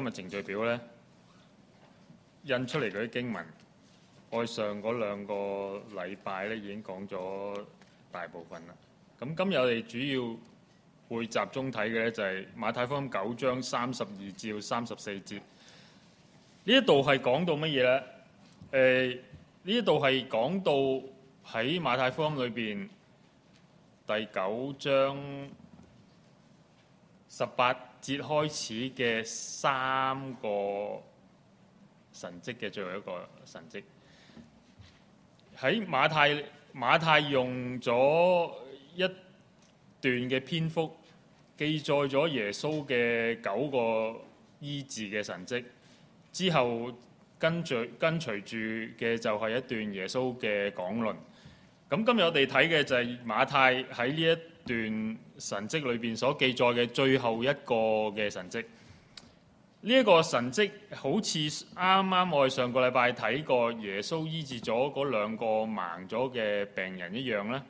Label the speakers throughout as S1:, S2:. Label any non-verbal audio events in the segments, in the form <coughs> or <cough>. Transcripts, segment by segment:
S1: 今日程序表咧印出嚟嗰啲經文，我上嗰兩個禮拜咧已經講咗大部分啦。咁今日我哋主要會集中睇嘅咧就係馬太福音九章三十二至到三十四節。呢一度係講到乜嘢咧？誒，呢一度係講到喺馬太福音裏邊第九章十八節開始嘅三個神蹟嘅最後一個神蹟，喺馬太。馬太用咗一段嘅篇幅記載咗耶穌嘅九個醫治嘅神蹟，之後跟著跟隨住嘅就係一段耶穌嘅講論。咁今日我哋睇嘅就係馬太喺呢一段神迹裏邊所記載嘅最後一個嘅神迹，呢、這、一個神迹好似啱啱我上個禮拜睇過耶穌醫治咗嗰兩個盲咗嘅病人一樣呢，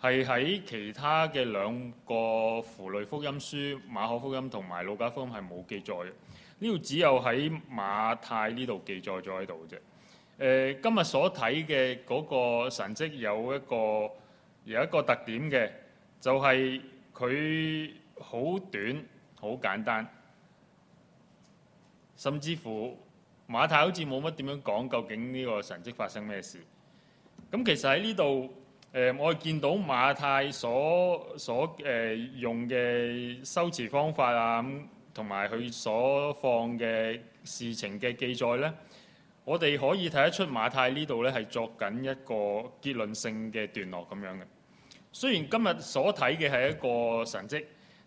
S1: 係喺其他嘅兩個符類福音書馬可福音同埋路加福音係冇記載嘅，呢度只有喺馬太呢度記載咗喺度嘅。誒、呃，今日所睇嘅嗰個神迹有一個有一個特點嘅。就係佢好短、好簡單，甚至乎馬太好似冇乜點樣講究竟呢個神蹟發生咩事。咁、嗯、其實喺呢度，誒、呃、我見到馬太所所誒、呃、用嘅修辭方法啊，同埋佢所放嘅事情嘅記載呢，我哋可以睇得出馬太呢度呢係作緊一個結論性嘅段落咁樣嘅。雖然今日所睇嘅係一個神跡，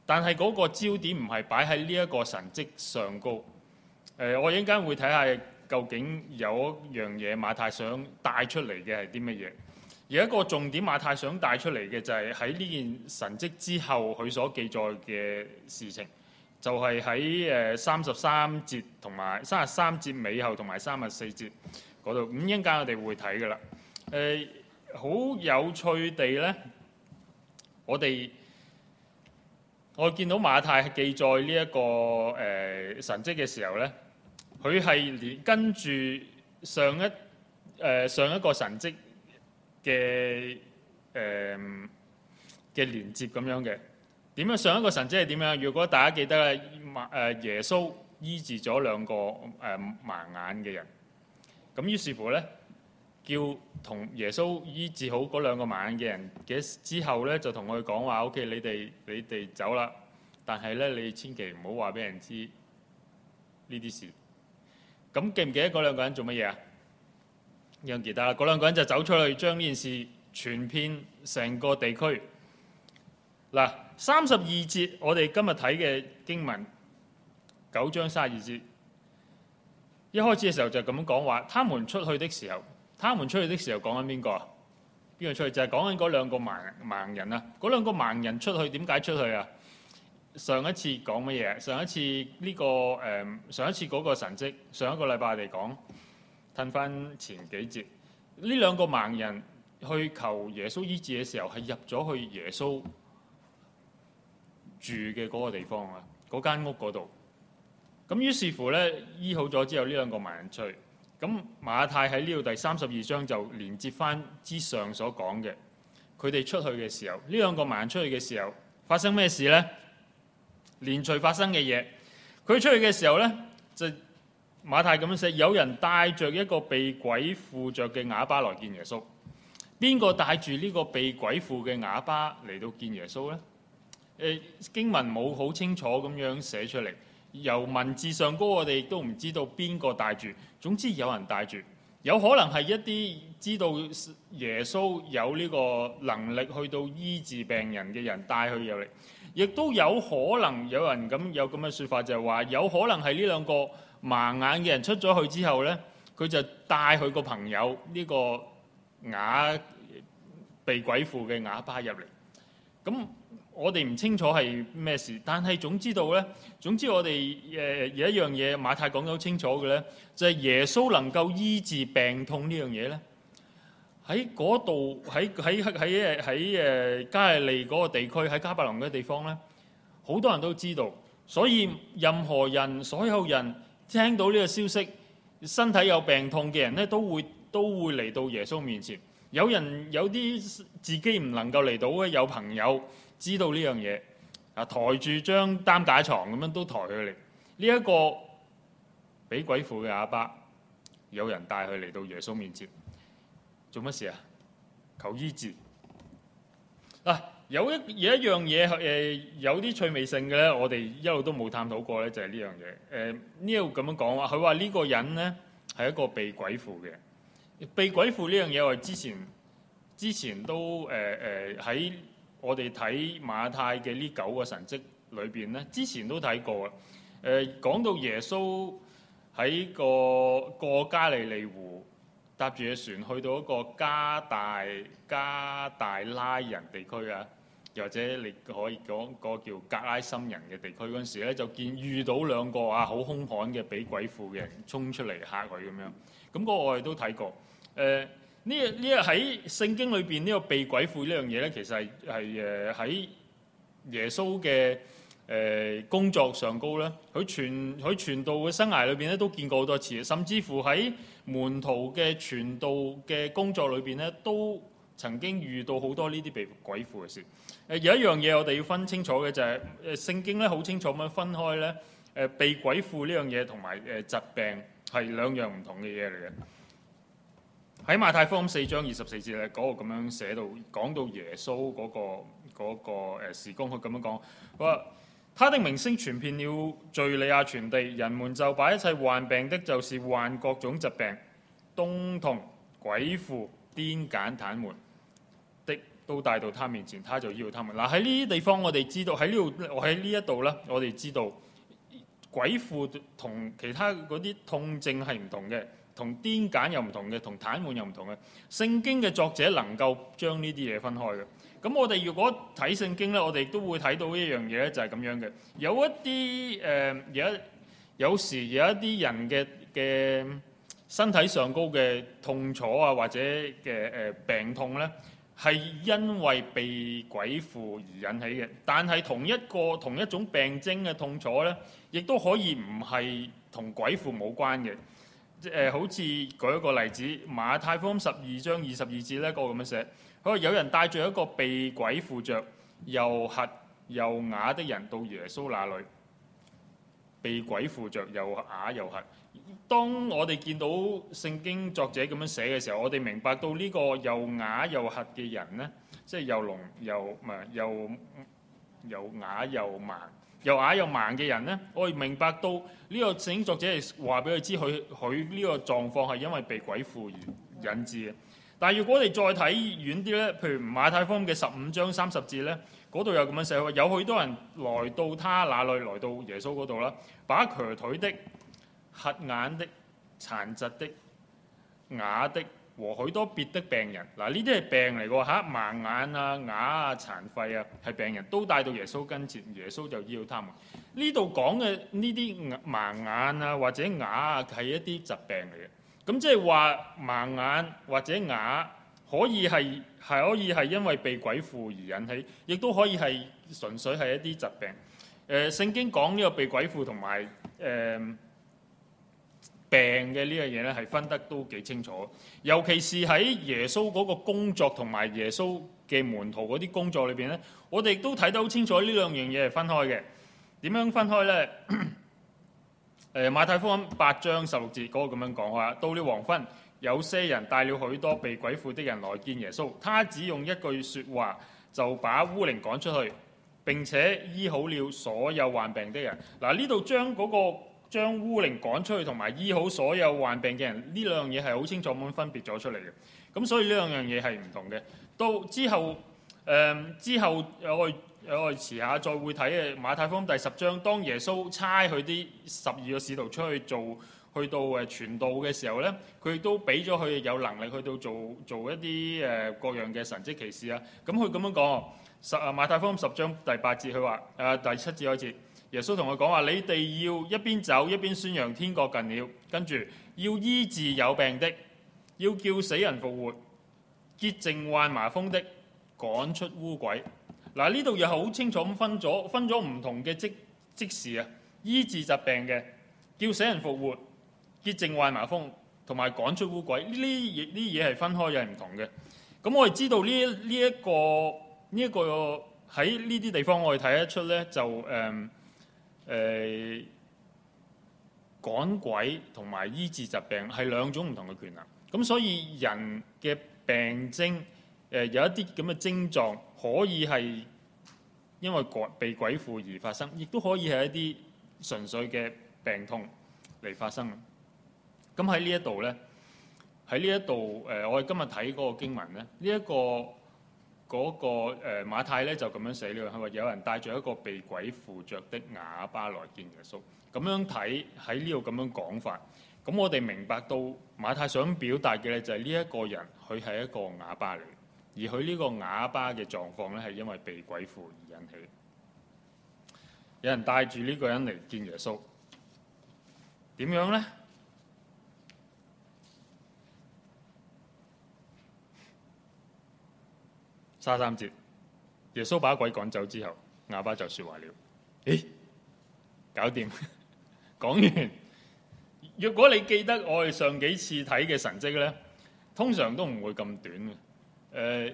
S1: 但係嗰個焦點唔係擺喺呢一個神跡上高。誒、呃，我一陣間會睇下究竟有一樣嘢馬太想帶出嚟嘅係啲乜嘢。而一個重點馬太想帶出嚟嘅就係喺呢件神跡之後佢所記載嘅事情，就係喺誒三十三節同埋三十三節尾後同埋三十四節嗰度。咁一陣間我哋會睇㗎啦。誒、呃，好有趣地咧～我哋我見到馬太記載呢、這、一個誒、呃、神蹟嘅時候咧，佢係連跟住上一誒、呃、上一個神蹟嘅誒嘅連接咁樣嘅。點樣上一個神蹟係點樣？如果大家記得咧誒耶穌醫治咗兩個誒、呃、盲眼嘅人，咁於是乎咧。叫同耶穌醫治好嗰兩個盲眼嘅人嘅之後咧，就同佢講話：「OK，你哋你哋走啦，但係咧，你千祈唔好話俾人知呢啲事。咁記唔記得嗰兩個人做乜嘢啊？應該記得啦。嗰兩個人就走出去，將呢件事傳遍成個地區。嗱，三十二節我哋今日睇嘅經文，九章三十二節一開始嘅時候就咁樣講話：他們出去的時候。他們出去的時候講緊邊個？邊個出去就係講緊嗰兩個盲盲人啦、啊。嗰兩個盲人出去，點解出去啊？上一次講乜嘢？上一次呢、這個誒、呃，上一次嗰個神蹟，上一個禮拜我哋講，褪翻前幾節。呢兩個盲人去求耶穌醫治嘅時候，係入咗去耶穌住嘅嗰個地方啊，嗰間屋嗰度。咁於是乎呢，醫好咗之後，呢兩個盲人出去。咁馬太喺呢度第三十二章就連接翻之上所講嘅，佢哋出去嘅時候，呢兩個盲人出去嘅時候發生咩事呢？連隨發生嘅嘢，佢出去嘅時候呢，就馬太咁樣寫：有人帶著一個被鬼附着嘅啞巴來見耶穌。邊個帶住呢個被鬼附嘅啞巴嚟到見耶穌呢？誒，經文冇好清楚咁樣寫出嚟。由文字上高，我哋都唔知道邊個帶住。總之有人帶住，有可能係一啲知道耶穌有呢個能力去到醫治病人嘅人帶佢入嚟。亦都有可能有人咁有咁嘅說法就說，就係話有可能係呢兩個盲眼嘅人出咗去之後呢，呢佢就帶佢個朋友呢，呢個啞被鬼附嘅啞巴入嚟。咁我哋唔清楚係咩事，但係總知道呢，總之，我哋誒有一樣嘢，馬太講得好清楚嘅呢，就係耶穌能夠醫治病痛呢樣嘢呢。喺嗰度，喺喺喺喺誒喺誒加利利嗰個地區，喺迦百農嘅地方呢，好多人都知道。所以任何人、所有人聽到呢個消息，身體有病痛嘅人呢，都會都會嚟到耶穌面前。有人有啲自己唔能夠嚟到嘅，有朋友。知道呢樣嘢，啊抬住張擔架床咁樣都抬佢嚟，呢、這、一個被鬼附嘅阿伯，有人帶佢嚟到耶穌面前，做乜事啊？求醫治。嗱、啊、有一,一、呃、有一樣嘢誒有啲趣味性嘅咧，我哋一路都冇探討過咧，就係、是、呢、呃、樣嘢。誒呢度咁樣講話，佢話呢個人咧係一個被鬼附嘅，被鬼附呢樣嘢我之前之前都誒誒喺。呃呃我哋睇馬太嘅呢九個神蹟裏邊呢，之前都睇過啊。誒、呃，講到耶穌喺個過加利利湖搭住隻船去到一個加大加大拉人地區啊，又或者你可以講個叫格拉森人嘅地區嗰陣時咧，就見遇到兩個啊好凶悍嘅俾鬼附嘅人，衝出嚟嚇佢咁樣。咁、那、嗰個我哋都睇過。誒、呃。呢呢個喺聖經裏邊呢個被鬼附呢樣嘢咧，其實係係誒喺耶穌嘅誒工作上高咧，佢傳佢傳道嘅生涯裏邊咧都見過好多次，甚至乎喺門徒嘅傳道嘅工作裏邊咧，都曾經遇到好多呢啲被鬼附嘅事。誒、呃、有一樣嘢我哋要分清楚嘅就係誒聖經咧好清楚咁樣分開咧，誒、呃、被鬼附呢樣嘢同埋誒疾病係兩樣唔同嘅嘢嚟嘅。喺馬太福音四章二十四節咧，嗰、嗰個咁樣寫到，講到耶穌嗰、嗰個嗰、嗰個誒時光，佢咁樣講，話他，他的名聲傳遍了敍利亞全地，人們就把一切患病的，就是患各種疾病、疼痛、鬼附、癲癇、癱瘓的，都帶到他面前，他就醫好他們。嗱，喺呢啲地方我，我哋知道喺呢度，我喺呢一度咧，我哋知道鬼附同其他嗰啲痛症係唔同嘅。癲同癲癇又唔同嘅，同癱瘓又唔同嘅。聖經嘅作者能夠將呢啲嘢分開嘅。咁我哋如果睇聖經呢，我哋亦都會睇到一樣嘢咧，就係咁樣嘅。有一啲誒、呃，有一有時有一啲人嘅嘅身體上高嘅痛楚啊，或者嘅誒、呃、病痛呢，係因為被鬼附而引起嘅。但係同一個同一種病徵嘅痛楚呢，亦都可以唔係同鬼附冇關嘅。誒、呃，好似舉一個例子，《馬太福音》十二章二十二節呢、那個咁樣寫：佢話有人帶住一個被鬼附着、又瞎又啞的人到耶穌那裡，被鬼附着又啞又瞎。當我哋見到聖經作者咁樣寫嘅時候，我哋明白到呢個又啞又瞎嘅人呢，即係又聾又又又啞又，又盲。又啞又盲嘅人呢，我哋明白到呢、這個聖經作者係話俾佢知，佢佢呢個狀況係因為被鬼附而引致嘅。但係如果我哋再睇遠啲呢，譬如馬太福音嘅十五章三十節呢，嗰度有咁樣寫，有好多人來到他那裡，來到耶穌嗰度啦，把瘸腿的、瞎眼的、殘疾的、啞的。和許多別的病人，嗱呢啲係病嚟㗎嚇，盲眼啊、啞啊、殘廢啊係病人，都帶到耶穌跟前，耶穌就醫好他們。呢度講嘅呢啲盲眼啊或者啞啊係一啲疾病嚟嘅。咁即係話盲眼或者啞可以係係可以係因為被鬼附而引起，亦都可以係純粹係一啲疾病。誒、呃、聖經講呢個被鬼附同埋誒。呃病嘅呢樣嘢咧，係分得都幾清楚，尤其是喺耶穌嗰個工作同埋耶穌嘅門徒嗰啲工作裏邊咧，我哋都睇得好清楚呢兩樣嘢係分開嘅。點樣分開咧？誒， <coughs> 馬太福音八章十六節嗰個咁樣講嚇，到了黃昏，有些人帶了許多被鬼附的人來見耶穌，他只用一句説話就把污靈趕出去，並且醫好了所有患病的人。嗱，呢度將嗰個將污靈趕出去同埋醫好所有患病嘅人，呢兩樣嘢係好清楚咁分別咗出嚟嘅。咁所以呢兩樣嘢係唔同嘅。到之後，誒、呃、之後我哋、我哋遲下，再會睇嘅馬太福音第十章，當耶穌差佢啲十二個使徒出去做，去到誒傳、啊、道嘅時候咧，佢都俾咗佢有能力去到做做一啲誒、啊啊、各樣嘅神蹟奇事啊。咁佢咁樣講十、啊、馬太福音十章第八節，佢話誒第七節開始。啊。耶穌同佢講話：你哋要一邊走一邊宣揚天國近了，跟住要醫治有病的，要叫死人復活，潔淨患麻風的，趕出污鬼。嗱、啊，呢度又係好清楚咁分咗，分咗唔同嘅職職事啊。醫治疾病嘅，叫死人復活，潔淨患麻風，同埋趕出污鬼呢啲呢啲嘢係分開，又係唔同嘅。咁我哋知道呢呢一個呢一、呢個喺呢啲地方，我哋睇得出咧，就誒。嗯誒趕、呃、鬼同埋醫治疾病係兩種唔同嘅權能，咁所以人嘅病徵誒、呃、有一啲咁嘅症狀可以係因為被鬼附而發生，亦都可以係一啲純粹嘅病痛嚟發生。咁喺呢一度咧，喺呢一度誒，我哋今日睇嗰個經文咧，呢、這、一個。嗰、那個誒、呃、馬太咧就咁樣寫咧，係話有人帶住一個被鬼附着的啞巴來見耶穌。咁樣睇喺呢度咁樣講法，咁我哋明白到馬太想表達嘅咧就係呢一個人佢係一個啞巴嚟，而佢呢個啞巴嘅狀況咧係因為被鬼附而引起。有人帶住呢個人嚟見耶穌，點樣咧？三三節，耶穌把鬼趕走之後，啞巴就說話了。誒，搞掂，講完。若果你記得我哋上幾次睇嘅神蹟咧，通常都唔會咁短嘅。誒，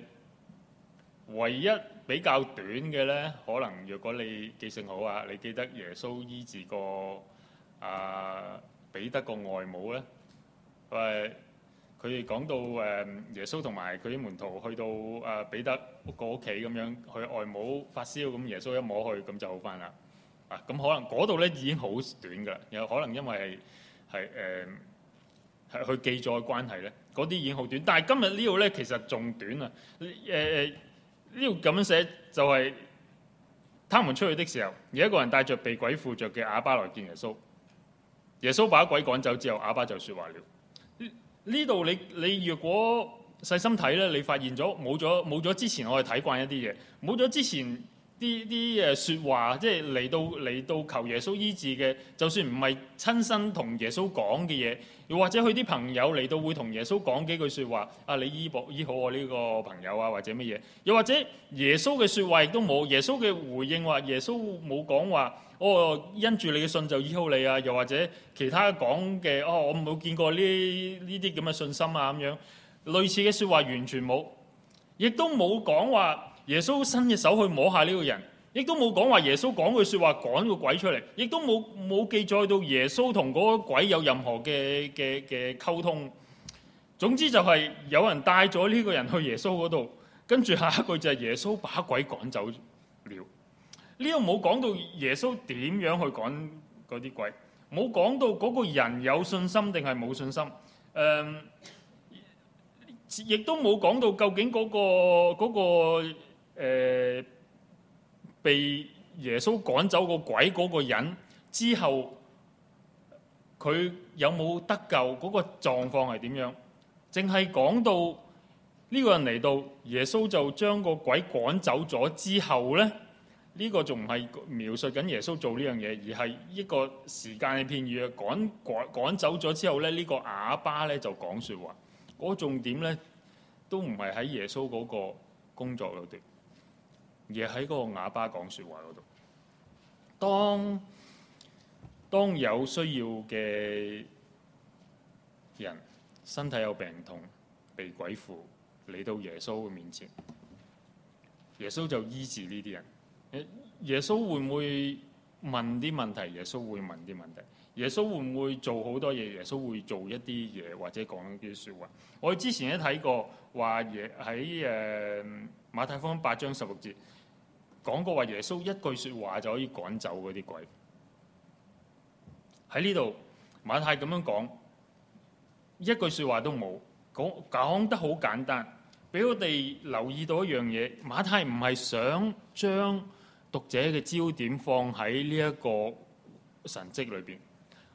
S1: 唯一比較短嘅咧，可能若果你記性好啊，你記得耶穌醫治過啊彼得個外母咧，係。佢哋講到誒耶穌同埋佢啲門徒去到誒彼得屋企咁樣，去外母發燒，咁耶穌一摸去，咁就好返啦。啊，咁可能嗰度咧已經好短㗎，有可能因為係係誒去記載關係咧，嗰啲已經好短。但係今日呢度咧其實仲短啊。誒、呃、誒，呢度咁樣寫就係、是、他們出去的時候，有一個人帶着被鬼附着嘅啞巴來見耶穌。耶穌把鬼趕走之後，啞巴就說話了。呢度你你如果細心睇咧，你發現咗冇咗冇咗之前我係睇慣一啲嘢，冇咗之前啲啲誒説話，即係嚟到嚟到求耶穌醫治嘅，就算唔係親身同耶穌講嘅嘢，又或者佢啲朋友嚟到會同耶穌講幾句説話，啊你醫保醫好我呢個朋友啊，或者乜嘢，又或者耶穌嘅説話亦都冇，耶穌嘅回應話耶穌冇講話。哦，因住你嘅信就醫好你啊！又或者其他講嘅哦，我冇見過呢呢啲咁嘅信心啊，咁樣類似嘅說話完全冇，亦都冇講話耶穌伸隻手去摸下呢個人，亦都冇講話耶穌講句說話趕個鬼出嚟，亦都冇冇記載到耶穌同嗰個鬼有任何嘅嘅嘅溝通。總之就係有人帶咗呢個人去耶穌嗰度，跟住下一句就係耶穌把鬼趕走了。呢個冇講到耶穌點樣去趕嗰啲鬼，冇講到嗰個人有信心定係冇信心。誒，亦都冇講到究竟嗰個嗰個誒被耶穌趕走個鬼嗰個人之後，佢有冇得救？嗰個狀況係點樣？淨係講到呢個人嚟到，耶穌就將個鬼趕走咗之後咧。呢個仲唔係描述緊耶穌做呢樣嘢，而係一個時間嘅片語啊。趕趕趕走咗之後咧，這個、阿爸呢個啞巴咧就講說話。嗰、那個、重點咧都唔係喺耶穌嗰個工作嗰度，而喺嗰個啞巴講說話嗰度。當當有需要嘅人身體有病痛、被鬼附嚟到耶穌嘅面前，耶穌就醫治呢啲人。耶穌會唔會問啲問題？耶穌會問啲問題。耶穌會唔會做好多嘢？耶穌會做一啲嘢或者講一啲説話。我之前都睇過話耶喺，誒，馬太福音八章十六節講過話，耶穌一句説話就可以趕走嗰啲鬼。喺呢度，馬太咁樣講，一句説話都冇，講講得好簡單，俾我哋留意到一樣嘢。馬太唔係想將讀者嘅焦點放喺呢一個神蹟裏邊，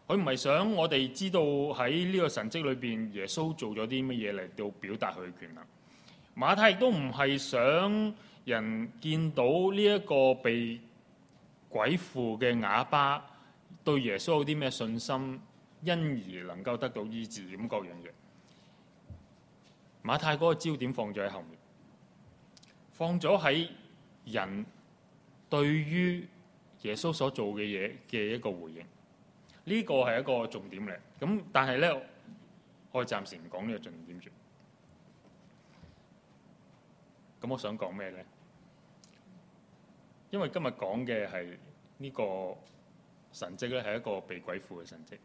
S1: 佢唔係想我哋知道喺呢個神蹟裏邊，耶穌做咗啲乜嘢嚟到表達佢嘅權能。馬太亦都唔係想人見到呢一個被鬼附嘅啞巴對耶穌有啲咩信心，因而能夠得到醫治咁嗰樣嘢。馬太嗰個焦點放咗喺後面，放咗喺人。對於耶穌所做嘅嘢嘅一個回應，呢個係一個重點嚟。咁但係咧，我暫時唔講呢個重點住。咁我想講咩咧？因為今日講嘅係呢個神跡咧，係一個被鬼附嘅神跡。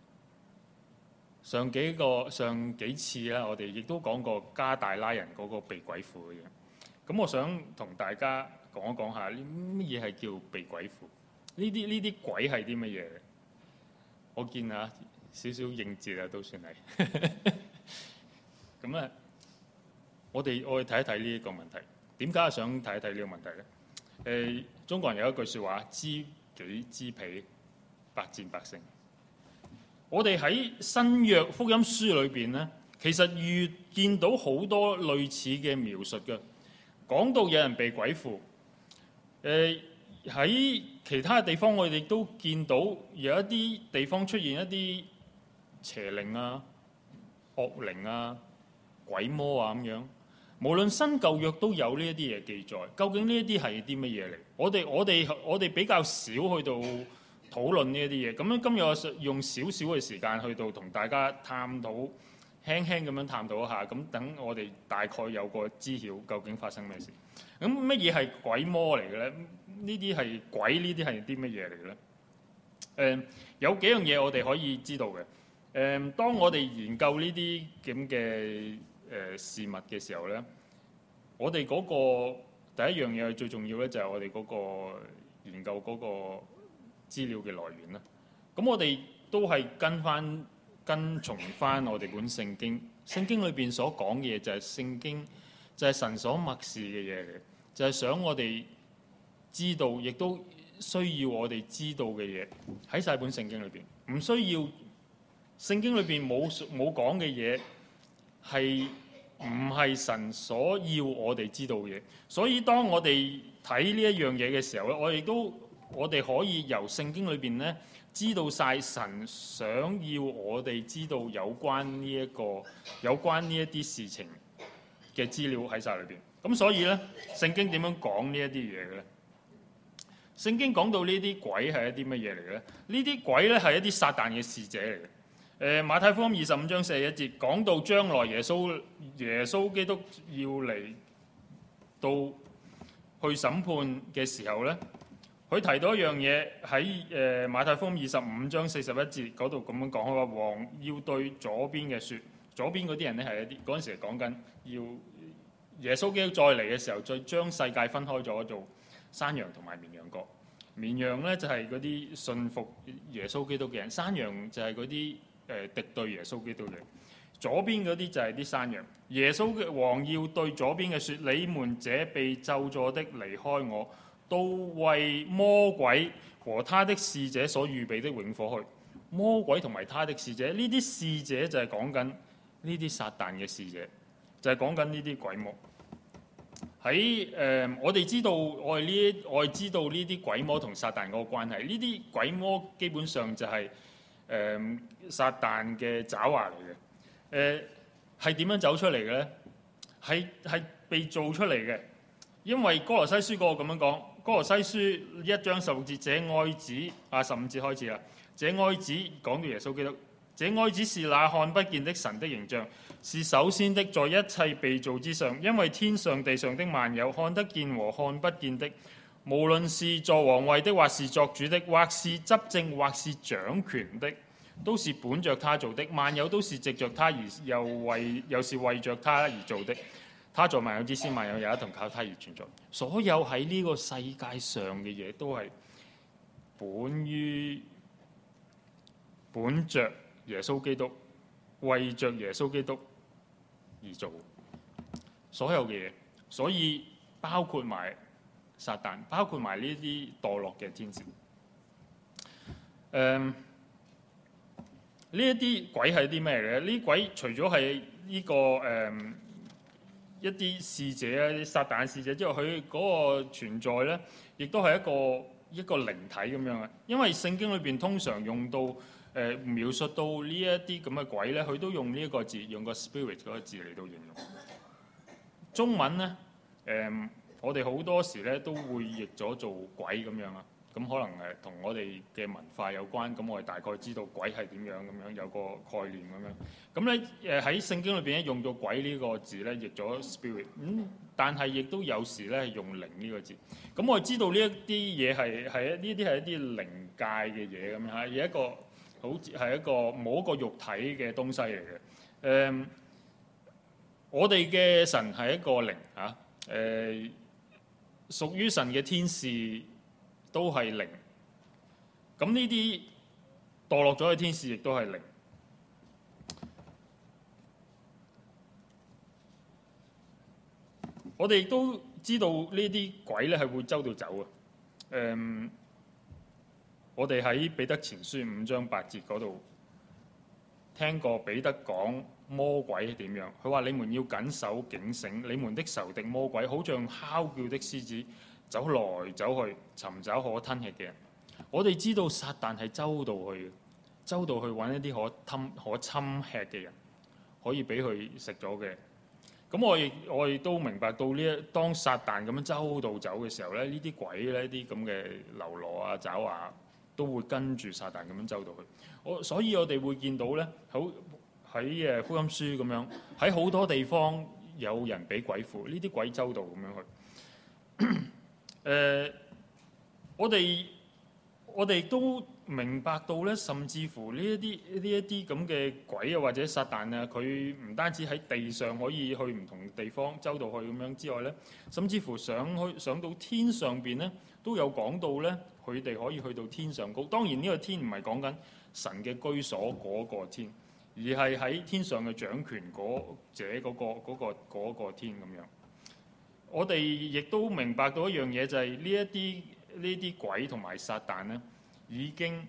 S1: 上幾個上幾次咧，我哋亦都講過加大拉人嗰個被鬼附嘅嘢。咁我想同大家，講一講一下，呢乜嘢係叫被鬼附？呢啲呢啲鬼係啲乜嘢？我見啊，少少應節啊，都算係咁咧。我哋我去睇一睇呢一個問題，點解想睇一睇呢個問題咧？誒、呃，中國人有一句説話：知己知彼，知彼，百戰百勝。我哋喺新約福音書裏邊咧，其實遇見到好多類似嘅描述嘅，講到有人被鬼附。誒喺、呃、其他嘅地方，我哋都見到有一啲地方出現一啲邪靈啊、惡靈啊、鬼魔啊咁樣。無論新舊約都有呢一啲嘢記載。究竟呢一啲係啲乜嘢嚟？我哋我哋我哋比較少去到討論呢一啲嘢。咁樣今日我用少少嘅時間去到同大家探討，輕輕咁樣探討一下。咁等我哋大概有個知曉，究竟發生咩事。咁乜嘢係鬼魔嚟嘅咧？呢啲係鬼，些些呢啲係啲乜嘢嚟嘅咧？誒、嗯，有幾樣嘢我哋可以知道嘅。誒、嗯，當我哋研究呢啲咁嘅誒事物嘅時候咧，我哋嗰個第一樣嘢最重要咧，就係我哋嗰個研究嗰個資料嘅來源啦。咁、嗯、我哋都係跟翻跟從翻我哋本聖經，聖經裏邊所講嘅嘢就係聖經。就係神所默示嘅嘢嚟，就係、是、想我哋知道，亦都需要我哋知道嘅嘢，喺晒本聖經裏邊，唔需要聖經裏邊冇冇講嘅嘢，係唔係神所要我哋知道嘅嘢？所以當我哋睇呢一樣嘢嘅時候咧，我亦都我哋可以由聖經裏邊咧知道晒神想要我哋知道有關呢、這、一個有關呢一啲事情。嘅資料喺晒裏邊，咁所以呢，聖經點樣講呢講一啲嘢嘅咧？聖經講到呢啲鬼係一啲乜嘢嚟咧？呢啲鬼呢係一啲撒旦嘅使者嚟嘅。誒、呃、馬太福音二十五章四十一節講到將來耶穌耶穌基督要嚟到去審判嘅時候呢，佢提到一樣嘢喺誒馬太福音二十五章四十一節嗰度咁樣講，話王要對左邊嘅説。左邊嗰啲人咧，係一啲嗰陣時講緊要耶穌基督再嚟嘅時候，再將世界分開咗做山羊同埋綿羊國。綿羊咧就係嗰啲信服耶穌基督嘅人，山羊就係嗰啲誒敵對耶穌基督嘅人。左邊嗰啲就係啲山羊。耶穌嘅王要對左邊嘅説：你們這被咒詛的，離開我，到為魔鬼和他的使者所預備的永火去。魔鬼同埋他的使者，呢啲使者就係講緊。呢啲撒旦嘅事嘢，就係、是、講緊呢啲鬼魔。喺誒、呃，我哋知道我哋呢，我哋知道呢啲鬼魔同撒旦個關係。呢啲鬼魔基本上就係、是、誒、呃、撒旦嘅爪牙嚟嘅。誒係點樣走出嚟嘅咧？係係被做出嚟嘅，因為哥羅西書個樣《哥羅西書》嗰個咁樣講，《哥羅西書》一章十六節，這愛子啊，十五節開始啦，者愛子講到耶穌基督。這愛子是那看不見的神的形象，是首先的在一切被造之上，因為天上地上的萬有，看得見和看不見的，無論是坐王位的，或是作主的，或是執政，或是掌權的，都是本着他做的。萬有都是藉著他而又為，又是為著他而做的。他在萬有之先，萬有也一同靠他而存在。所有喺呢個世界上嘅嘢，都係本於、本着。耶穌基督為着耶穌基督而做所有嘅嘢，所以包括埋撒旦，包括埋呢啲墮落嘅天使。誒、嗯，呢一啲鬼係啲咩嚟嘅？呢啲鬼除咗係呢個誒、嗯、一啲使者啊，啲撒旦使者之外，佢嗰個存在咧，亦都係一個一個靈體咁樣嘅。因為聖經裏邊通常用到。誒、呃、描述到這這呢一啲咁嘅鬼咧，佢都用呢一個字，用個 spirit 嗰個字嚟到形容。中文咧，誒、呃、我哋好多時咧都會譯咗做鬼咁樣啦。咁、嗯、可能誒同、呃、我哋嘅文化有關，咁、嗯、我哋大概知道鬼係點樣咁樣有個概念咁樣。咁咧誒喺聖經裏邊咧用咗鬼呢個字咧譯咗 spirit，咁、嗯、但係亦都有時咧係用靈呢個字。咁、嗯、我哋知道呢一啲嘢係係一呢啲係一啲靈界嘅嘢咁樣嚇，有一個。好似係一個冇一個肉體嘅東西嚟嘅。誒、嗯，我哋嘅神係一個靈嚇。誒、啊嗯，屬於神嘅天使都係靈。咁呢啲墮落咗嘅天使亦都係靈。我哋都知道呢啲鬼咧係會周到走嘅。誒、嗯。我哋喺彼得前書五章八節嗰度聽過彼得講魔鬼係點樣，佢話你們要謹守警醒，你們的仇敵魔鬼，好像敲叫的獅子，走來走去尋找可吞吃嘅人。我哋知道撒旦係周到去，周到去揾一啲可吞可侵吃嘅人，可以俾佢食咗嘅。咁我亦我亦都明白到呢一當撒旦咁樣周到走嘅時候咧，呢啲鬼呢啲咁嘅流羅啊，爪啊！都會跟住撒旦咁樣周到去，我所以我哋會見到咧，好喺誒福音書咁樣，喺好多地方有人俾鬼附，呢啲鬼周到咁樣去。誒、 <coughs> 呃，我哋我哋都。明白到咧，甚至乎呢一啲呢一啲咁嘅鬼啊，或者撒旦啊，佢唔單止喺地上可以去唔同地方周到去咁樣之外咧，甚至乎上去上到天上邊咧，都有講到咧，佢哋可以去到天上高。當然呢個天唔係講緊神嘅居所嗰個天，而係喺天上嘅掌權者嗰、嗰個嗰、嗰個嗰個嗰個嗰個天咁樣，我哋亦都明白到一樣嘢，就係呢一啲呢啲鬼同埋撒旦咧。已經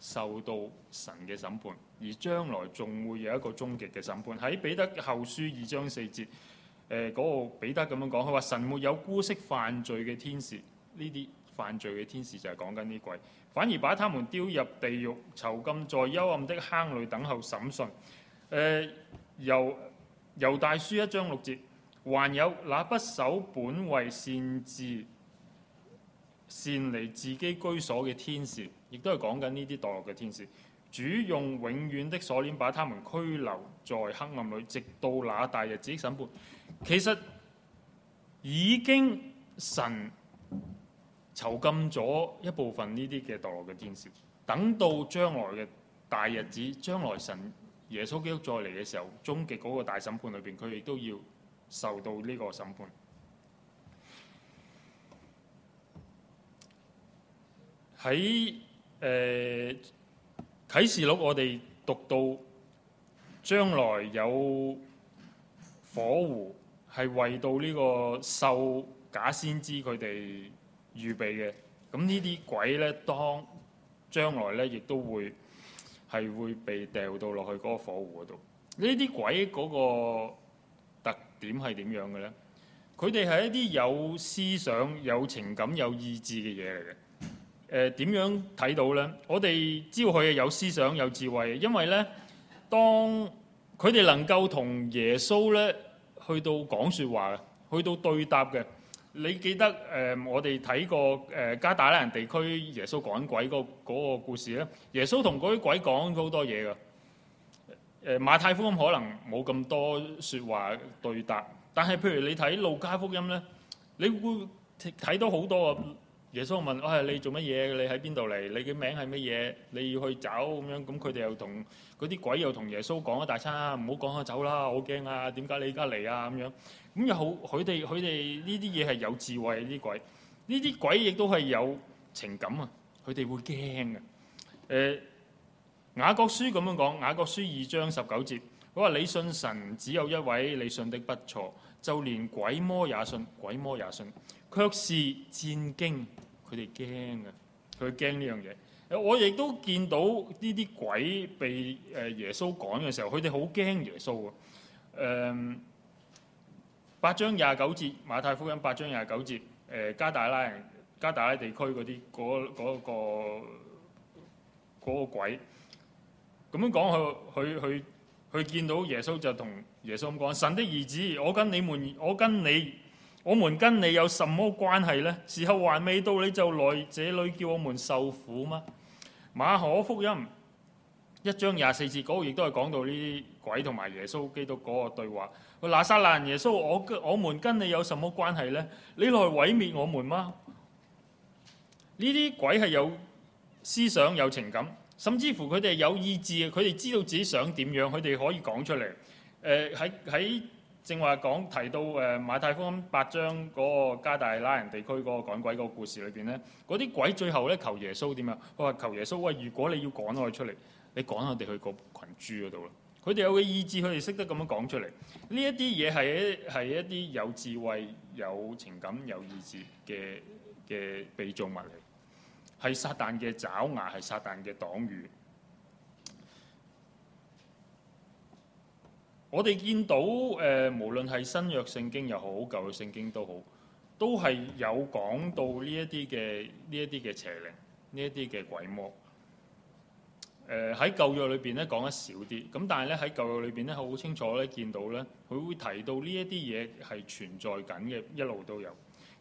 S1: 受到神嘅審判，而將來仲會有一個終極嘅審判。喺彼得後書二章四節，誒、呃、嗰、那個彼得咁樣講，佢話神沒有姑息犯罪嘅天使，呢啲犯罪嘅天使就係講緊呢啲鬼，反而把他們丟入地獄，囚禁在幽暗的坑裏等候審訊。誒、呃，猶猶大書一章六節，還有那不守本位善治。擅離自己居所嘅天使，亦都係講緊呢啲墮落嘅天使。主用永遠的鎖鏈把他們拘留在黑暗裏，直到那大日子審判。其實已經神囚禁咗一部分呢啲嘅墮落嘅天使。等到將來嘅大日子，將來神耶穌基督再嚟嘅時候，終極嗰個大審判裏邊，佢亦都要受到呢個審判。喺誒《啟示錄》，我哋讀到將來有火湖係為到呢個獸、假先知佢哋預備嘅。咁呢啲鬼咧，當將來咧，亦都會係會被掉到落去嗰個火湖嗰度。呢啲鬼嗰個特點係點樣嘅咧？佢哋係一啲有思想、有情感、有意志嘅嘢嚟嘅。誒點樣睇到咧？我哋知道佢係有思想、有智慧，因為咧，當佢哋能夠同耶穌咧去到講説話、去到對答嘅，你記得誒我哋睇過誒加大拉人地區耶穌趕鬼嗰嗰個故事咧，耶穌同嗰啲鬼講好多嘢㗎。誒馬太福音可能冇咁多説話對答，但係譬如你睇路加福音咧，你會睇到好多個。耶穌問：哎，你做乜嘢？你喺邊度嚟？你嘅名係乜嘢？你要去走？咁樣咁。佢哋又同嗰啲鬼又同耶穌講一大餐，唔好講啊，我走啦，好驚啊！點解你而家嚟啊？咁樣咁又好，佢哋佢哋呢啲嘢係有智慧。呢啲鬼呢啲鬼亦都係有情感啊，佢哋會驚嘅。誒雅各書咁樣講，雅各書二章十九節，佢話你信神只有一位，你信的不錯，就連鬼魔也信，鬼魔也信，卻是戰驚。佢哋驚啊！佢驚呢樣嘢。我亦都見到呢啲鬼被誒耶穌趕嘅時候，佢哋好驚耶穌啊！誒、嗯、八章廿九節，馬太福音八章廿九節。誒、呃、加大拉、加大拉地區嗰啲嗰嗰個鬼咁樣講，佢佢佢佢見到耶穌就同耶穌咁講：神的兒子，我跟你們，我跟你。我們跟你有什麼關係呢？時候還未到，你就來這裏叫我們受苦嗎？馬可福音一章廿四節嗰個亦都係講到呢啲鬼同埋耶穌基督嗰個對話。佢，拿撒勒耶穌，我我們跟你有什麼關係呢？你來毀滅我們嗎？呢啲鬼係有思想，有情感，甚至乎佢哋有意志嘅，佢哋知道自己想點樣，佢哋可以講出嚟。喺、呃、喺。正話講提到誒、呃、馬太福音八章嗰個加大拉人地區嗰個趕鬼嗰個故事裏邊咧，嗰啲鬼最後咧求耶穌點啊？佢話求耶穌，喂，如果你要趕我哋出嚟，你趕我哋去個群豬嗰度啦。佢哋有個意志，佢哋識得咁樣講出嚟。呢一啲嘢係一係一啲有智慧、有情感、有意志嘅嘅被造物嚟，係撒旦嘅爪牙，係撒旦嘅黨羽。我哋見到誒、呃，無論係新約聖經又好，舊約聖經都好，都係有講到呢一啲嘅呢一啲嘅邪靈，呢一啲嘅鬼魔。誒喺舊約裏邊咧講得少啲，咁但係咧喺舊約裏邊咧好清楚咧見到咧，佢會提到呢一啲嘢係存在緊嘅，一路都有。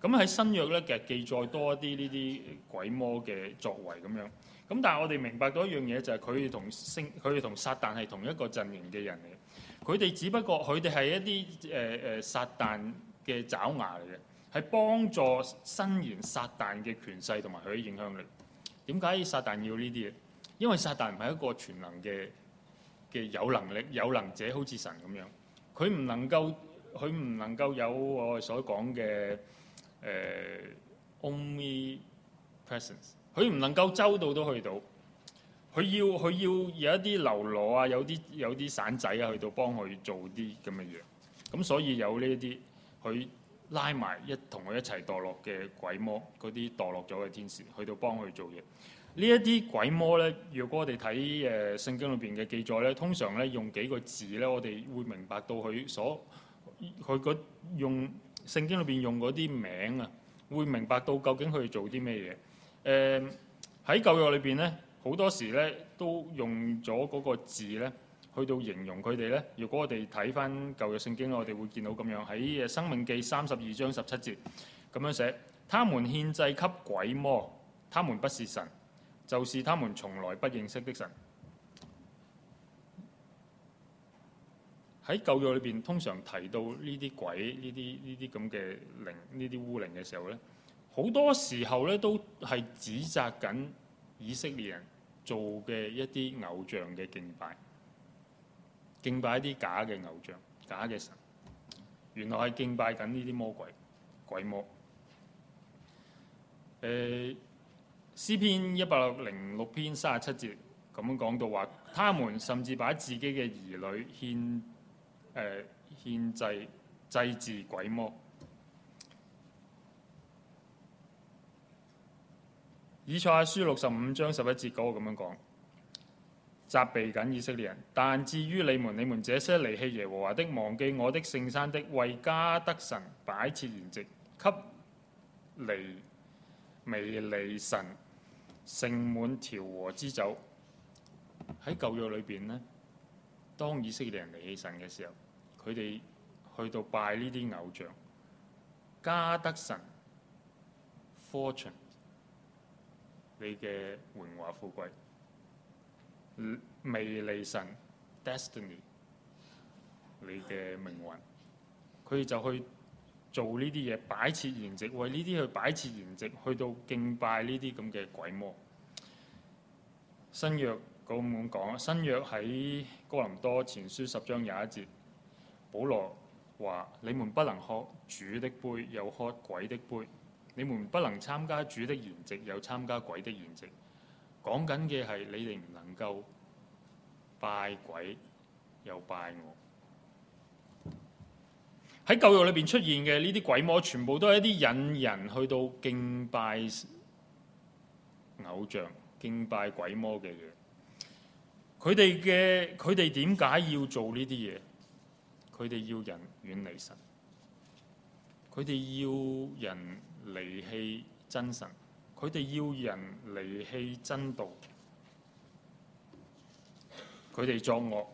S1: 咁喺新約咧，其實記載多一啲呢啲鬼魔嘅作為咁樣。咁但係我哋明白到一樣嘢，就係佢哋同聖佢哋同撒旦係同一個陣營嘅人嚟。佢哋只不過，佢哋係一啲誒誒撒旦嘅爪牙嚟嘅，係幫助伸延撒旦嘅權勢同埋佢嘅影響力。點解撒旦要呢啲嘢？因為撒旦唔係一個全能嘅嘅有能力、有能者，好似神咁樣。佢唔能夠，佢唔能夠有我哋所講嘅誒 omnipresence。佢唔能夠周到都去到。佢要佢要有一啲嘍囉啊，有啲有啲散仔啊，去到幫佢做啲咁嘅嘢。咁所以有呢一啲佢拉埋一同佢一齊墮落嘅鬼魔，嗰啲墮落咗嘅天使去到幫佢做嘢。呢一啲鬼魔咧，若果我哋睇誒聖經裏邊嘅記載咧，通常咧用幾個字咧，我哋會明白到佢所佢嗰用聖經裏邊用嗰啲名啊，會明白到究竟佢做啲咩嘢誒，喺舊約裏邊咧。好多時咧都用咗嗰個字咧，去到形容佢哋咧。若果我哋睇翻舊約聖經，我哋會見到咁樣，喺《誒申命記》三十二章十七節咁樣寫：他們獻祭給鬼魔，他們不是神，就是他們從來不認識的神。喺舊約裏邊，通常提到呢啲鬼、呢啲呢啲咁嘅靈、呢啲污靈嘅時候咧，好多時候咧都係指責緊以色列人。做嘅一啲偶像嘅敬拜，敬拜一啲假嘅偶像、假嘅神，原來係敬拜緊呢啲魔鬼、鬼魔。誒詩篇一百零六篇三十七節咁樣講到話，他們甚至把自己嘅兒女獻誒獻祭祭祀鬼魔。以賽亞書六十五章十一節嗰個咁樣講，責備緊以色列人。但至於你們，你們這些離棄耶和華的，忘記我的聖山的，為迦得神擺設筵席，給尼美利神盛滿調和之酒。喺舊約裏邊呢，當以色列人離棄神嘅時候，佢哋去到拜呢啲偶像，迦得神 fortune。你嘅榮華富貴、魅利神 destiny、你嘅命運，佢哋就去做呢啲嘢擺設筵席，為呢啲去擺設筵席，去到敬拜呢啲咁嘅鬼魔。新約嗰本書講，新約喺哥林多前書十章廿一節，保羅話：你們不能喝主的杯，又喝鬼的杯。你們不能參加主的筵席，又參加鬼的筵席。講緊嘅係你哋唔能夠拜鬼，又拜我。喺舊約裏邊出現嘅呢啲鬼魔，全部都係一啲引人去到敬拜偶像、敬拜鬼魔嘅嘢。佢哋嘅佢哋點解要做呢啲嘢？佢哋要人遠離神，佢哋要人，離棄真神，佢哋要人離棄真道，佢哋作惡。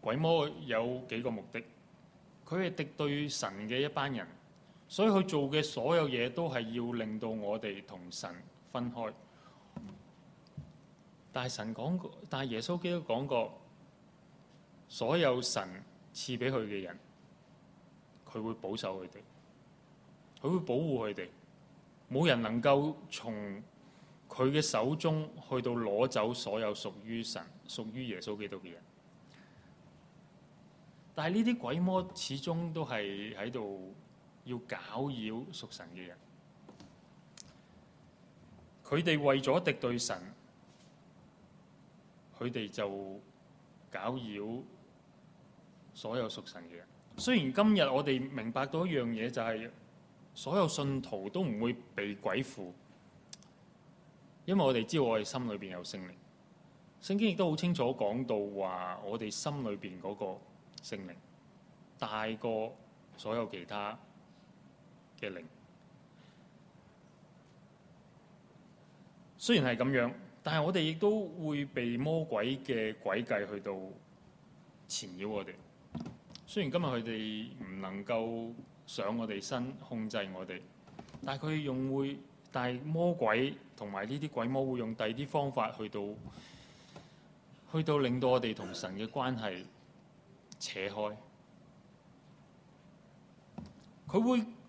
S1: 鬼魔有幾個目的，佢係敵對神嘅一班人，所以佢做嘅所有嘢都係要令到我哋同神分開。但係神講過，但係耶穌基督講過，所有神賜俾佢嘅人，佢會保守佢哋，佢會保護佢哋，冇人能夠從佢嘅手中去到攞走所有屬於神、屬於耶穌基督嘅人。但係呢啲鬼魔始終都係喺度要攪擾屬神嘅人，佢哋為咗敵對神。佢哋就攪擾所有屬神嘅人。雖然今日我哋明白到一樣嘢，就是，就係所有信徒都唔會被鬼附，因為我哋知道我哋心裏邊有聖靈。聖經亦都好清楚講到話，我哋心裏邊嗰個聖靈大過所有其他嘅靈。雖然係咁樣。但係我哋亦都會被魔鬼嘅詭計去到纏繞我哋。雖然今日佢哋唔能夠上我哋身控制我哋，但係佢用會，但係魔鬼同埋呢啲鬼魔會用第二啲方法去到去到令到我哋同神嘅關係扯開。佢會呢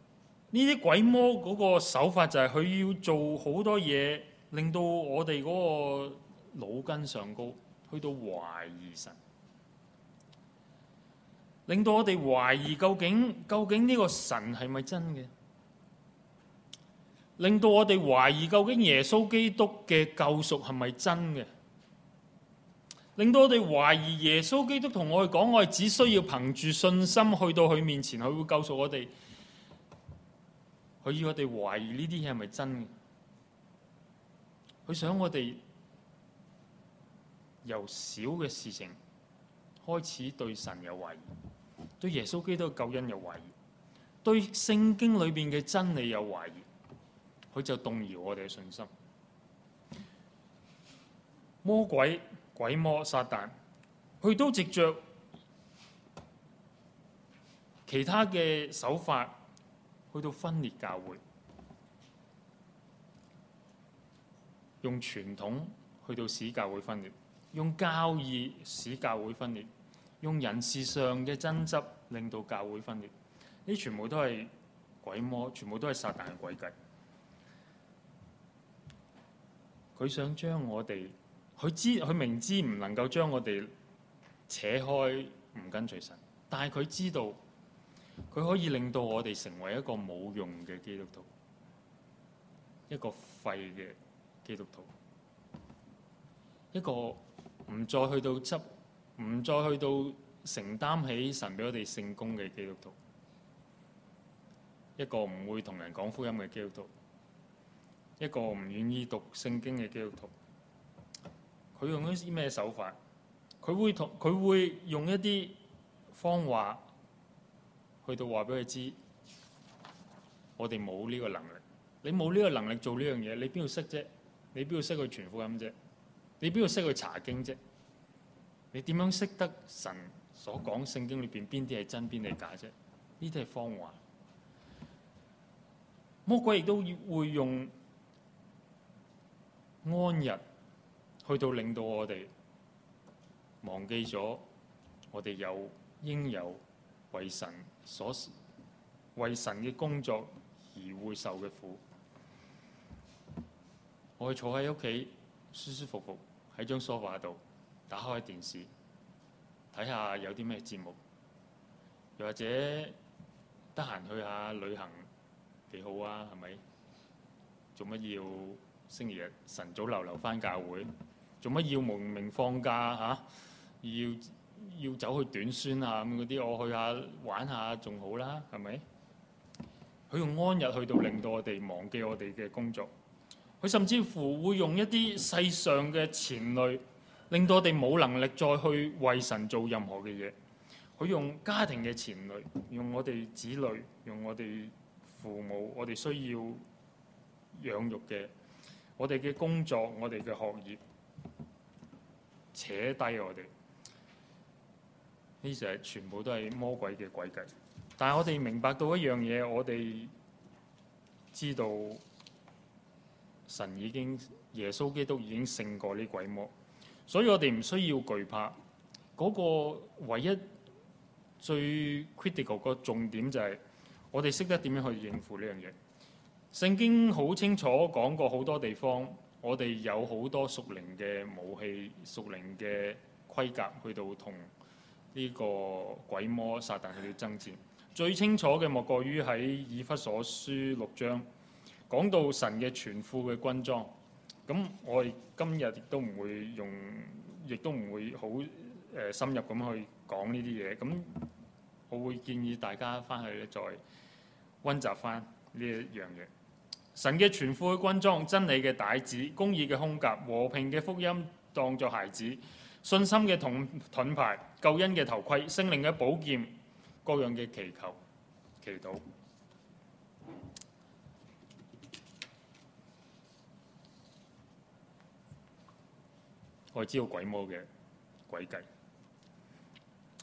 S1: 啲鬼魔嗰個手法就係佢要做好多嘢。令到我哋嗰個腦筋上高，去到懷疑神，令到我哋懷疑究竟究竟呢個神係咪真嘅？令到我哋懷疑究竟耶穌基督嘅救贖係咪真嘅？令到我哋懷疑耶穌基督同我哋講，我哋只需要憑住信心去到佢面前，佢會救贖我哋。佢要我哋懷疑呢啲嘢係咪真嘅。佢想我哋由小嘅事情開始，對神有懷疑，對耶穌基督嘅救恩有懷疑，對聖經裏邊嘅真理有懷疑，佢就動搖我哋嘅信心。魔鬼、鬼魔、撒旦，佢都藉着其他嘅手法去到分裂教會。用傳統去到使教會分裂，用教義使教會分裂，用人事上嘅爭執令到教會分裂，呢全部都係鬼魔，全部都係撒旦嘅詭計。佢想將我哋，佢知佢明知唔能夠將我哋扯開唔跟隨神，但係佢知道佢可以令到我哋成為一個冇用嘅基督徒，一個廢嘅基督徒，一個唔再去到執，唔再去到承擔起神俾我哋聖工嘅基督徒，一個唔會同人講福音嘅基督徒，一個唔願意讀聖經嘅基督徒，佢用啲咩手法？佢會同，佢會用一啲方法去到話俾佢知，我哋冇呢個能力。你冇呢個能力做呢樣嘢，你邊度識啫？你邊要識去傳福音啫？你邊要識去查經啫？你點樣識得神所講聖經裏面邊啲係真，邊啲係假啫？呢啲係謊話。魔鬼亦都會用安逸去到令到我哋，忘記咗我哋有應有為神所為神嘅工作而會受嘅苦。我去坐喺屋企，舒舒服服喺張 sofa 度，打開電視睇下有啲咩節目，又或者得閒去下旅行幾好啊？係咪？做乜要星期日晨早流流返教會？做乜要無名放假吓、啊？要要走去短宣啊咁嗰啲？我去下玩下仲好啦？係咪？佢用安逸去到令到我哋忘記我哋嘅工作。佢甚至乎會用一啲世上嘅纏累，令到我哋冇能力再去為神做任何嘅嘢。佢用家庭嘅纏累，用我哋子女，用我哋父母，我哋需要養育嘅，我哋嘅工作，我哋嘅學業，扯低我哋。呢就係全部都係魔鬼嘅詭計。但係我哋明白到一樣嘢，我哋知道。神已經耶穌基督已經勝過呢鬼魔，所以我哋唔需要懼怕。嗰、那個唯一最 critical 個重點，就係我哋識得點樣去應付呢樣嘢。聖經好清楚講過好多地方，我哋有好多屬靈嘅武器、屬靈嘅盔甲去到同呢個鬼魔、撒旦去到爭戰。最清楚嘅莫過於喺以弗所書六章。講到神嘅全副嘅軍裝，咁我哋今日亦都唔會用，亦都唔會好誒、呃、深入咁去講呢啲嘢。咁我會建議大家翻去咧再溫習翻呢一樣嘢。神嘅全副嘅軍裝、真理嘅帶子、公義嘅胸甲、和平嘅福音當作鞋子、信心嘅盾盾牌、救恩嘅頭盔、聖靈嘅寶劍，各樣嘅祈求、祈禱。我知道鬼魔嘅詭計，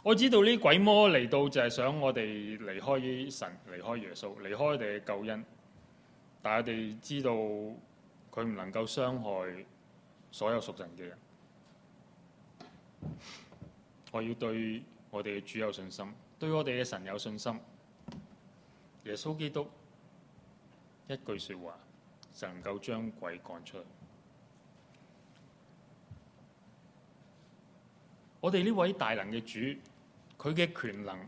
S1: 我知道呢鬼魔嚟到就係想我哋離開神、離開耶穌、離開我哋嘅救恩，但我哋知道佢唔能夠傷害所有屬神嘅人。我要對我哋嘅主有信心，對我哋嘅神有信心。耶穌基督一句說話就能夠將鬼趕出去。我哋呢位大能嘅主，佢嘅權能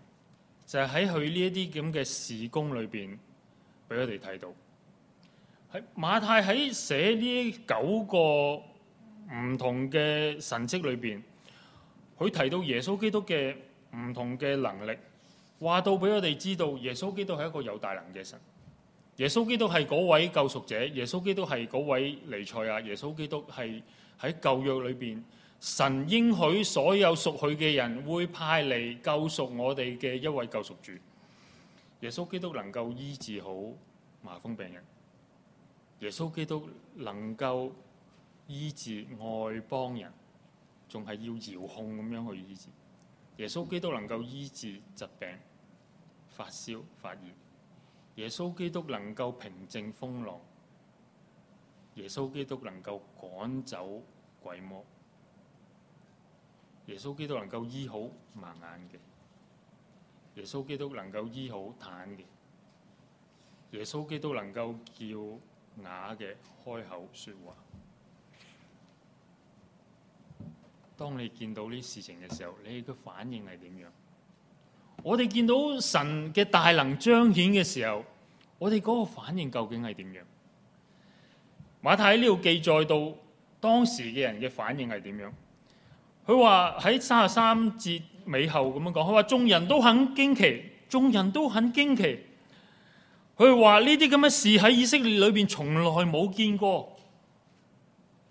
S1: 就係喺佢呢一啲咁嘅事工裏邊俾我哋睇到。喺馬太喺寫呢九個唔同嘅神蹟裏邊，佢提到耶穌基督嘅唔同嘅能力，話到俾我哋知道耶穌基督係一個有大能嘅神。耶穌基督係嗰位救贖者，耶穌基督係嗰位彌賽亞，耶穌基督係喺舊約裏邊。神應許所有屬佢嘅人會派嚟救贖我哋嘅一位救贖主。耶穌基督能夠醫治好麻風病人。耶穌基督能夠醫治外邦人，仲係要遙控咁樣去醫治。耶穌基督能夠醫治疾病、發燒、發熱。耶穌基督能夠平靜風浪。耶穌基督能夠趕走鬼魔。耶穌基督能夠醫好盲眼嘅，耶穌基督能夠醫好癱嘅，耶穌基督能夠叫啞嘅開口說話。當你見到呢啲事情嘅時候，你嘅反應係點樣？我哋見到神嘅大能彰顯嘅時候，我哋嗰個反應究竟係點樣？馬太喺呢度記載到當時嘅人嘅反應係點樣？佢話喺三十三節尾後咁樣講，佢話眾人都很驚奇，眾人都很驚奇。佢話呢啲咁嘅事喺以色列裏邊從來冇見過，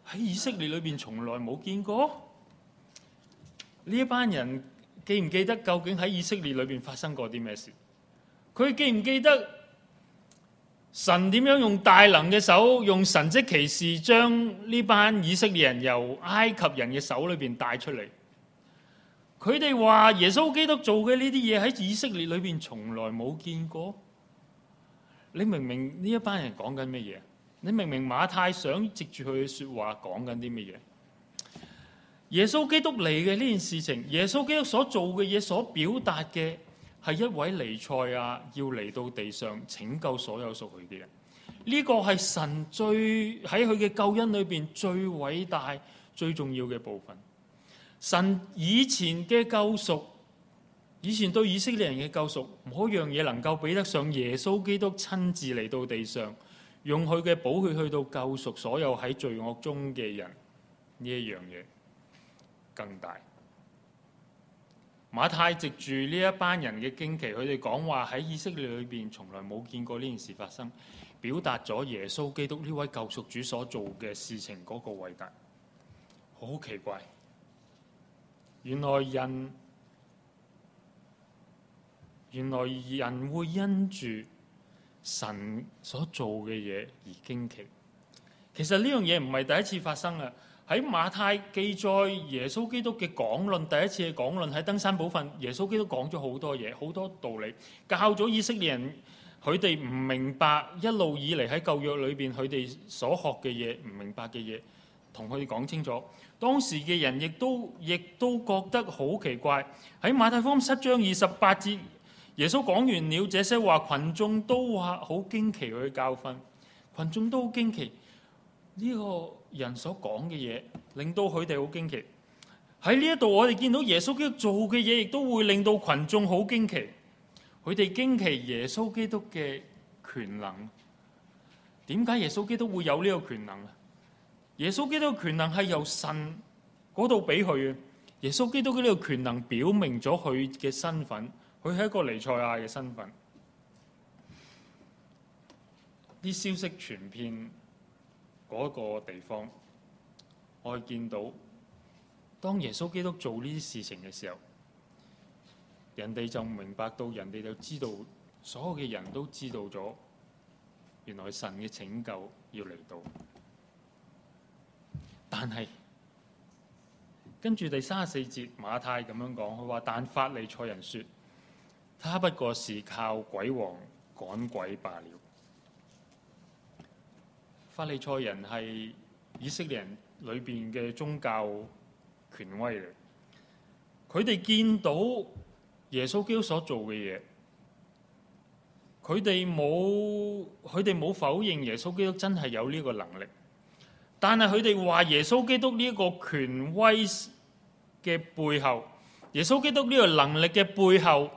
S1: 喺以色列裏邊從來冇見過。呢班人記唔記得究竟喺以色列裏面發生過啲咩事？佢記唔記得？神點樣用大能嘅手，用神蹟奇事將呢班以色列人由埃及人嘅手裏邊帶出嚟？佢哋話耶穌基督做嘅呢啲嘢喺以色列裏邊從來冇見過。你明唔明呢一班人講緊咩嘢？你明唔明馬太想藉住佢嘅說話講緊啲咩嘢？耶穌基督嚟嘅呢件事情，耶穌基督所做嘅嘢，所表達嘅。係一位尼賽亞，要嚟到地上拯救所有屬佢啲人。呢、這個係神最喺佢嘅救恩裏邊最偉大、最重要嘅部分。神以前嘅救贖，以前對以色列人嘅救贖，冇一樣嘢能夠比得上耶穌基督親自嚟到地上，用佢嘅寶血去到救贖所有喺罪惡中嘅人。呢一樣嘢更大。馬太藉住呢一班人嘅驚奇，佢哋講話喺以色列裏邊從來冇見過呢件事發生，表達咗耶穌基督呢位救贖主所做嘅事情嗰個偉大。好奇怪，原來人原來人會因住神所做嘅嘢而驚奇。其實呢樣嘢唔係第一次發生啊。喺馬太記載耶穌基督嘅講論，第一次嘅講論喺登山寶訓，耶穌基督講咗好多嘢，好多道理，教咗以色列人，佢哋唔明白一路以嚟喺舊約裏邊佢哋所學嘅嘢，唔明白嘅嘢，同佢哋講清楚。當時嘅人亦都亦都覺得好奇怪。喺馬太福音七章二十八節，耶穌講完了這些話，羣眾都話好驚奇佢嘅教訓，羣眾都好驚奇呢個人所講嘅嘢，令到佢哋好驚奇。喺呢一度，我哋見到耶穌基督做嘅嘢，亦都會令到群眾好驚奇。佢哋驚奇耶穌基督嘅權能。點解耶穌基督會有呢個權能啊？耶穌基督嘅權能係由神嗰度俾佢。耶穌基督嘅呢個權能，表明咗佢嘅身份。佢係一個彌賽亞嘅身份。啲消息傳遍。嗰個地方，我見到當耶穌基督做呢啲事情嘅時候，人哋就明白到，人哋就知道，所有嘅人都知道咗，原來神嘅拯救要嚟到。但係跟住第三十四節，馬太咁樣講，佢話：「但法利賽人說，他不過是靠鬼王趕鬼罷了。」法利賽人係以色列人裏邊嘅宗教權威嚟，佢哋見到耶穌基督所做嘅嘢，佢哋冇佢哋冇否認耶穌基督真係有呢個能力，但係佢哋話耶穌基督呢個權威嘅背後，耶穌基督呢個能力嘅背後，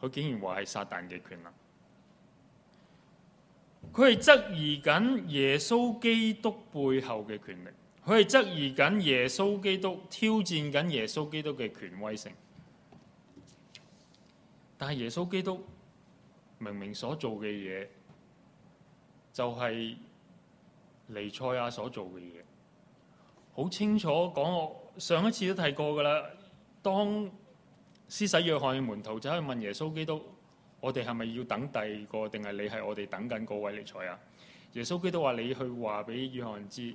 S1: 佢竟然話係撒旦嘅權力。佢係質疑緊耶穌基督背後嘅權力，佢係質疑緊耶穌基督挑戰緊耶穌基督嘅權威性。但係耶穌基督明明所做嘅嘢，就係尼賽亞所做嘅嘢，好清楚講。我上一次都提過噶啦，當施洗約翰嘅門徒就喺度問耶穌基督。我哋係咪要等第二個？定係你係我哋等緊嗰位彌賽亞啊？耶穌基督話，你去話俾約翰知，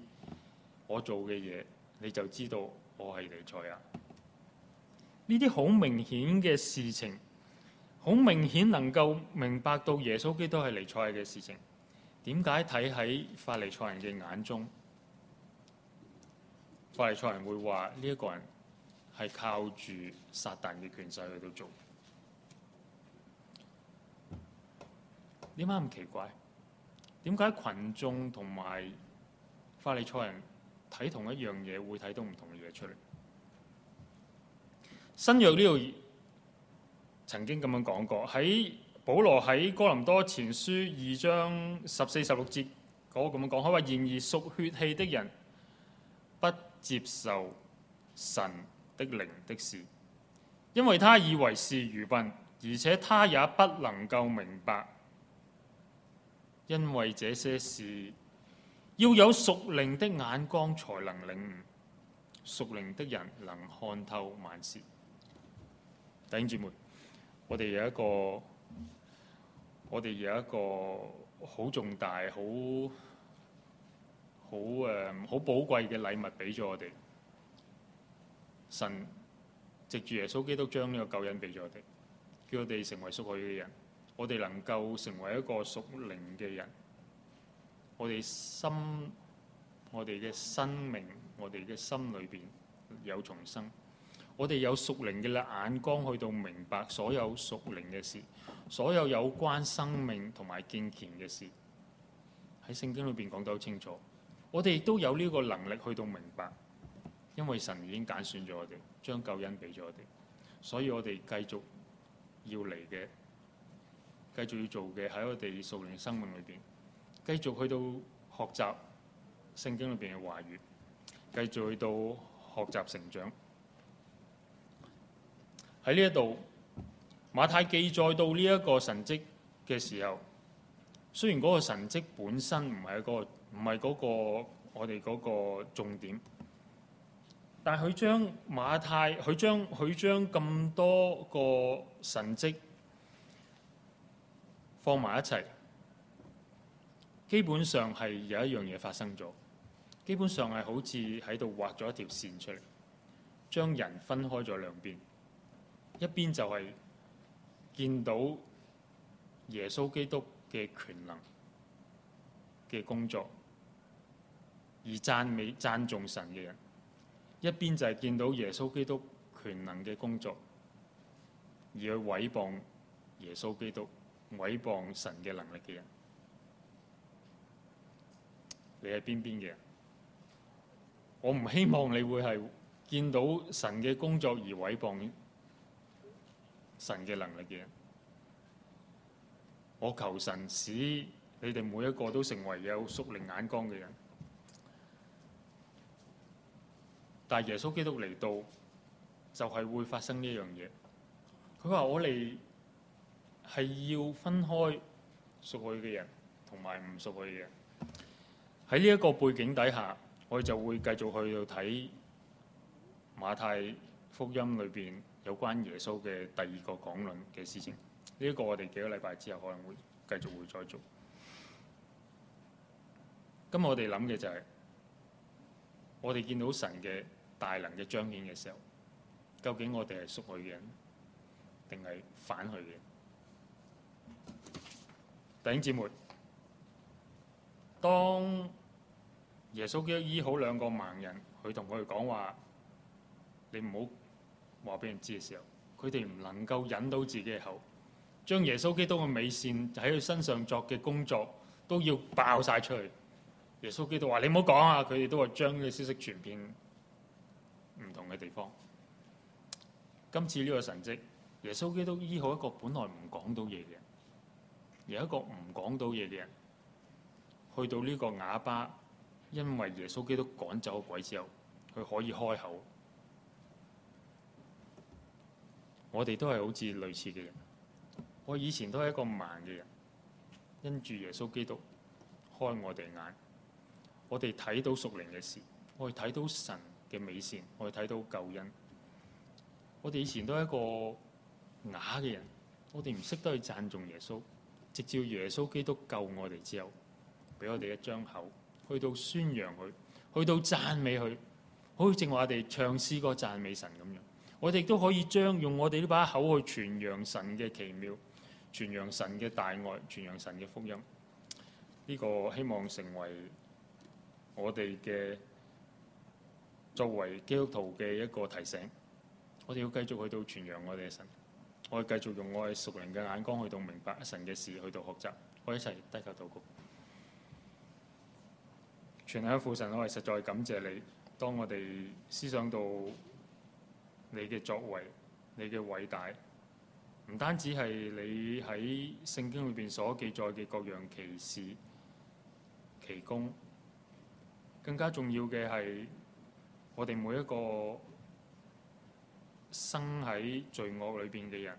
S1: 我做嘅嘢你就知道我係彌賽亞啊！呢啲好明顯嘅事情，好明顯能夠明白到耶穌基督係彌賽亞嘅事情。點解睇喺法利賽人嘅眼中，法利賽人會話呢一個人係靠住撒旦嘅權勢喺度做？點解咁奇怪？點解群眾同埋法利賽人睇同一樣嘢，會睇到唔同嘅嘢出嚟？新約呢度曾經咁樣講過，喺保羅喺哥林多前書二章十四十六節嗰個咁樣講，佢話：然而屬血氣的人不接受神的靈的事，因為他以為是愚笨，而且他也不能夠明白。因為這些事，要有屬靈的眼光才能領悟。屬靈的人能看透萬事。弟兄姊妹，我哋有一個，我哋有一個好重大、好好誒、好、um, 寶貴嘅禮物俾咗我哋。神藉住耶穌基督將呢個救恩俾咗我哋，叫我哋成為屬佢嘅人。我哋能夠成為一個屬靈嘅人，我哋心、我哋嘅生命、我哋嘅心裏邊有重生。我哋有屬靈嘅眼光去到明白所有屬靈嘅事，所有有關生命同埋敬虔嘅事，喺聖經裏邊講得好清楚。我哋亦都有呢個能力去到明白，因為神已經揀選咗我哋，將救恩俾咗我哋，所以我哋繼續要嚟嘅。繼續要做嘅喺我哋數年生命裏邊，繼續去到學習聖經裏邊嘅話語，繼續去到學習成長。喺呢一度，馬太記載到呢一個神蹟嘅時候，雖然嗰個神蹟本身唔係一個唔係嗰個、嗰個、我哋嗰個重點，但係佢將馬太佢將佢將咁多個神蹟放埋一齊，基本上係有一樣嘢發生咗。基本上係好似喺度畫咗一條線出嚟，將人分開咗兩邊。一邊就係見到耶穌基督嘅權能嘅工作而讚美讚頌神嘅人；一邊就係見到耶穌基督權能嘅工作而去毀謗耶穌基督。毀謗神嘅能力嘅人，你係邊邊嘅人？我唔希望你會係見到神嘅工作而毀謗神嘅能力嘅人。我求神使你哋每一個都成為有屬靈眼光嘅人。但係耶穌基督嚟到，就係會發生呢樣嘢。佢話我嚟，係要分開屬佢嘅人同埋唔屬佢嘅人。喺呢一個背景底下，我哋就會繼續去睇馬太福音裏邊有關耶穌嘅第二個講論嘅事情。呢一個我哋幾個禮拜之後可能會繼續會再做。今日我哋諗嘅就係我哋見到神嘅大能嘅彰顯嘅時候，究竟我哋係屬佢嘅人定係反佢嘅人？弟兄姊妹，當耶穌基督醫好兩個盲人，佢同佢哋講話：你唔好話俾人知嘅時候，佢哋唔能夠忍到自己嘅口，將耶穌基督嘅美善喺佢身上作嘅工作都要爆曬出去。耶穌基督說不要說話：你唔好講啊！佢哋都話將呢個消息傳遍唔同嘅地方。今次呢個神跡，耶穌基督醫好一個本來唔講到嘢嘅人。有一個唔講到嘢嘅人，去到呢個啞巴，因為耶穌基督趕走鬼之後，佢可以開口。我哋都係好似類似嘅人。我以前都係一個盲嘅人，因住耶穌基督開我哋眼，我哋睇到屬靈嘅事，我哋睇到神嘅美善，我哋睇到救恩。我哋以前都係一個啞嘅人，我哋唔識得去讚頌耶穌。直到耶穌基督救我哋之後，俾我哋一張口，去到宣揚佢，去到讚美佢，好似正話我哋唱詩歌讚美神咁樣，我哋都可以將用我哋呢把口去傳揚神嘅奇妙，傳揚神嘅大愛，傳揚神嘅福音。呢、這個希望成為我哋嘅作為基督徒嘅一個提醒。我哋要繼續去到傳揚我哋嘅神。我繼續用我係熟人嘅眼光去到明白神嘅事，去到學習，我一齊低頭禱告。全靠父神，我係實在感謝你。當我哋思想到你嘅作為，你嘅偉大，唔單止係你喺聖經裏面所記載嘅各樣奇事、奇功，更加重要嘅係我哋每一個。生喺罪惡裏邊嘅人，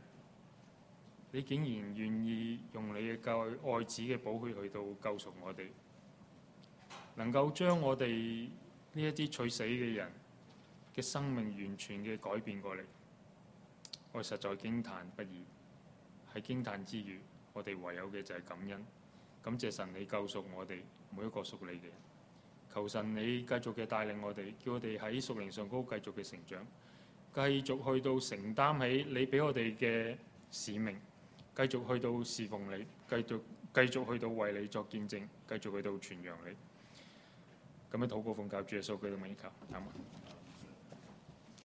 S1: 你竟然願意用你嘅愛愛子嘅寶血去到救贖我哋，能夠將我哋呢一啲取死嘅人嘅生命完全嘅改變過嚟，我實在驚嘆不已。喺驚嘆之餘，我哋唯有嘅就係感恩。感謝神，你救贖我哋每一個屬你嘅人，求神你繼續嘅帶領我哋，叫我哋喺屬靈上高繼續嘅成長。繼續去到承擔起你俾我哋嘅使命，繼續去到侍奉你，繼續繼續去到為你作見證，繼續去到傳揚你。咁樣禱告奉教主嘅數據同埋要求，有冇？